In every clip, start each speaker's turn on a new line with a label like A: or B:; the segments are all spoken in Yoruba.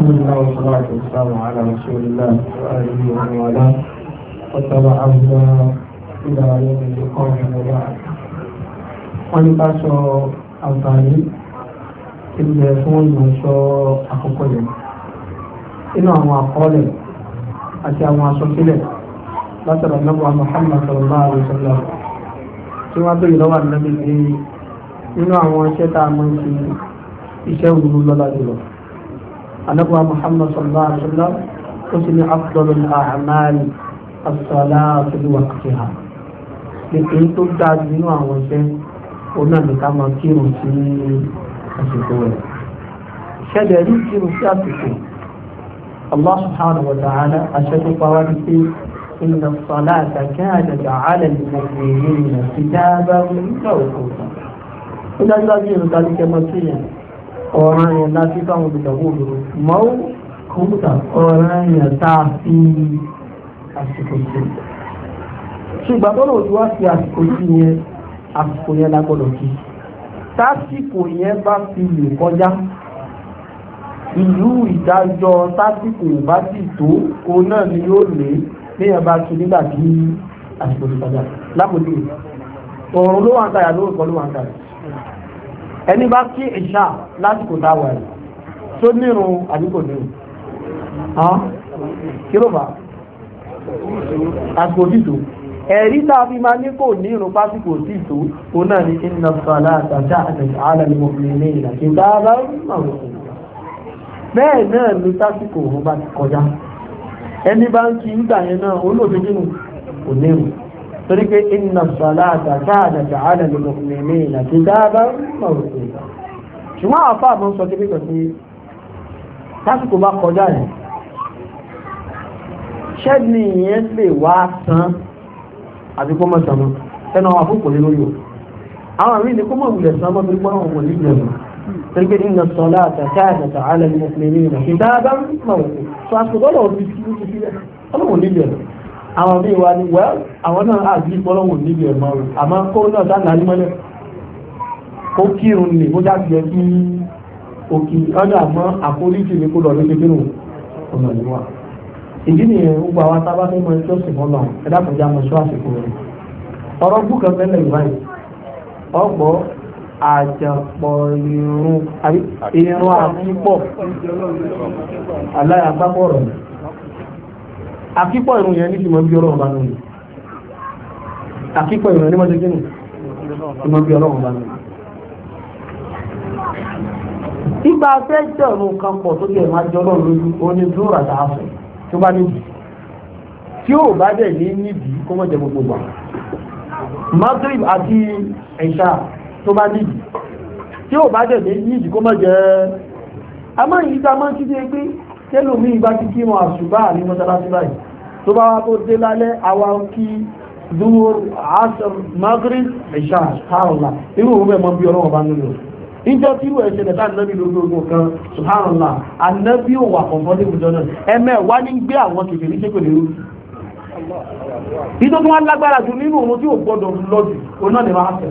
A: الحمد لله والصلاة والسلام على رسول الله وآله ومن والاه واتبع هداه إلى يوم القوم وبعد ونقاشوا àǹfààní ìbẹ̀ fún ìmọ̀ṣọ́ àkọ́kọ́ yẹn inú àwọn àkọọ́lẹ̀ àti àwọn asọ́sílẹ̀ látara lọ́wọ́ Muhammad sallallahu alaihi wasallam tí wọ́n bèèrè lọ́wọ́ ànábì pé nínú àwọn iṣẹ́ tá a mọ̀ sí iṣẹ́ òru lọ́lá jùlọ عن ابو محمد صلى الله عليه وسلم قسم افضل الاعمال الصلاه في وقتها لكن تبدا من اول شيء قلنا لك ما كيرو في الشكوين شد يذكر شاكتين الله سبحانه وتعالى اشد قوانتي ان الصلاه كانت على المؤمنين كتابا موقوتا ولا يزال ذلك مسيرا ọ̀ràn yẹn láti fáwọn olùdàwó òdòdó mọ́ kọ̀ǹpútà ọ̀ràn yẹn tá a fi àsìkò sí ṣùgbọ́n tó lòdì wá sí àsìkò sí yẹn àsìkò yẹn la gbọ́dọ̀ kí tásìkò yẹn bá fi lè kọjá ìlú ìdájọ́ tásìkò bá sì tó òun náà ni yóò lé léèyàn bá tún nígbà tí àsìkò ti kọjá lápòjú ọ̀run ló wà ń tàyà lóòótọ́ ló wà ń tàyà ẹni bá kí ìṣà lásìkò dáwà ẹ̀ tó nírun àdúgbò nírun kí ló bá àsìkò títò ẹ̀rí táa fi máa ní kò nírun pásìkò títò ó náà ní iná sọ́lá àtàtà àtàtà alàlùmọ̀ ní ìlàkí dáadáa bẹ́ẹ̀ náà ní tásìkò òun bá ti kọjá ẹni bá ń kí torí pé iná sọ̀lá àtàkà àdàkà àdàlẹ̀ mọ̀kùnmí ìlà ti dábà mọ̀rùkù ṣùgbọ́n àwọn fáàmù ń sọ kí pípẹ̀ pé tásìkò bá kọjá rẹ̀ ṣẹ́ni yẹn lè wá san àti kó mọ̀ sàmọ́ àwọn àkókò lé lóyò àwọn àrí ni kó mọ̀ wùlẹ̀ san mọ́ torí pé àwọn wọ̀nyí jẹ̀ torí pé iná sọ̀lá àwọn bí wa ni well àwọn náà àbí ìpọ́lọ́wò níbi ẹ̀mọ́ rẹ̀ àmọ́ kó náà sáàlá ní mọ́lẹ̀ kó kírun ní bó jáde ẹkí òkè ọdọ àmọ́ àforíjì ní kó lọ ní kékeré ọ̀nà ìwà ìdí nìyẹn ó gba wa sábà ní mọ ẹjọ́ sì mọ́lọ̀ ẹ̀dá kọjá mọ sọ àsìkò rẹ̀ ọ̀rọ̀ búkà fẹ́lẹ̀ ìwáyé ọgbọ́ àjàpọ̀ irun àbí irun àfipọ̀ aláyàpápọ̀ rẹ̀ àkípọ̀ ìrun yẹn níbi mọ̀ bí ọlọ́run bá nù ní àkípọ̀ ìrun yẹn ní mọ́jẹ́ kínú ìmọ̀ bí ọlọ́run bá nù ní. ìgbà fẹ́ jẹ́ ọ̀run kan pọ̀ tó jẹ́ ìmájọ́ ọlọ́run lójú oní dúró àti àfẹ́ tó bá níbi tí ó bá dẹ̀ ní níbi kó mọ̀ jẹ gbogbo gbà Maghrib àti Isha tó bá níbi tí ó bá dẹ̀ ní níbi kó mọ̀ jẹ́ àmọ́ ìyíta máa ń kí tẹ́lòmí bá ti kí wọn àṣùbá ní mọ́sálásí báyìí tó bá wá kó dé lálẹ́ àwọn kí dúwòr asr maghrib ìṣà subhanallah irú òun bẹ́ẹ̀ mọ́ bí ọlọ́wọ́ bá nílò níjọ́ tí irú ẹ̀ṣẹ̀ lẹ́ta nẹ́bí lógógó kan subhanallah anẹ́bí ò wà kọ̀ọ̀kan ní ìbùjọ náà ẹ̀mẹ́ wá ní gbé àwọn kèfè ní ṣépè lérú ìtọ́tún wọn lágbára jù nínú òun tí ò gbọdọ̀ lọ òun náà lè máa fẹ́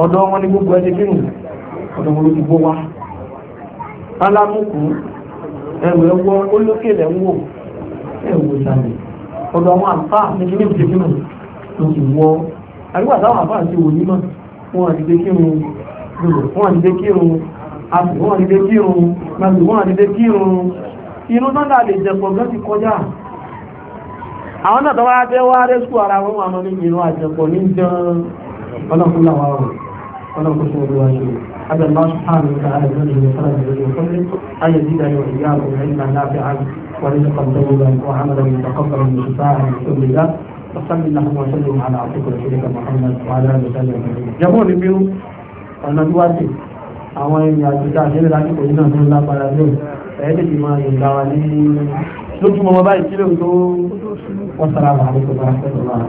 A: ọ̀dọ̀ wọn ni gbogbo ẹni kínú ọ̀dọ̀ wọn ló ti gbó wá alámùkù ẹ̀wọ̀ ẹwọ́ olókèlè ń wò ẹ̀wọ̀ ìsàlẹ̀ ọ̀dọ̀ àwọn àfá ní kí ní ìdí kínú ló ti wọ́ àríwá táwọn àfá àti òní náà wọn àti dé kírun wọn àti dé kírun àti wọn àti dé kírun màbí wọn àti dé kírun inú náà lè jẹ̀pọ̀ gan ti kọjá àwọn náà tó wá fẹ́ wá rẹ́sù ara wọn àmọ́ nínú àjẹpọ̀ ní jẹun ọlọ́kùnláwà ọ̀rọ̀ ولو كنت بالواجبين هذا الله سبحانه وتعالى بنبيه وسلم عليه وسلم ان يزيدني واياكم علما نافعا ورزقا طيبا وعملا متقبلا وشفاعا من كل الله وصلي اللهم وسلم على عبدك ورسولك محمد وعلى اله وصحبه جمهور البيو ọ̀nà tó àwọn ènìyàn àtúntà àṣírí lásìkò yìí náà tó lágbára lé ẹ̀ẹ́dẹ̀ ti máa yìnbá wa ní lójúmọ́ wọn báyìí tó wọ́n sára wà ní kò bá fẹ́ lọ́wọ́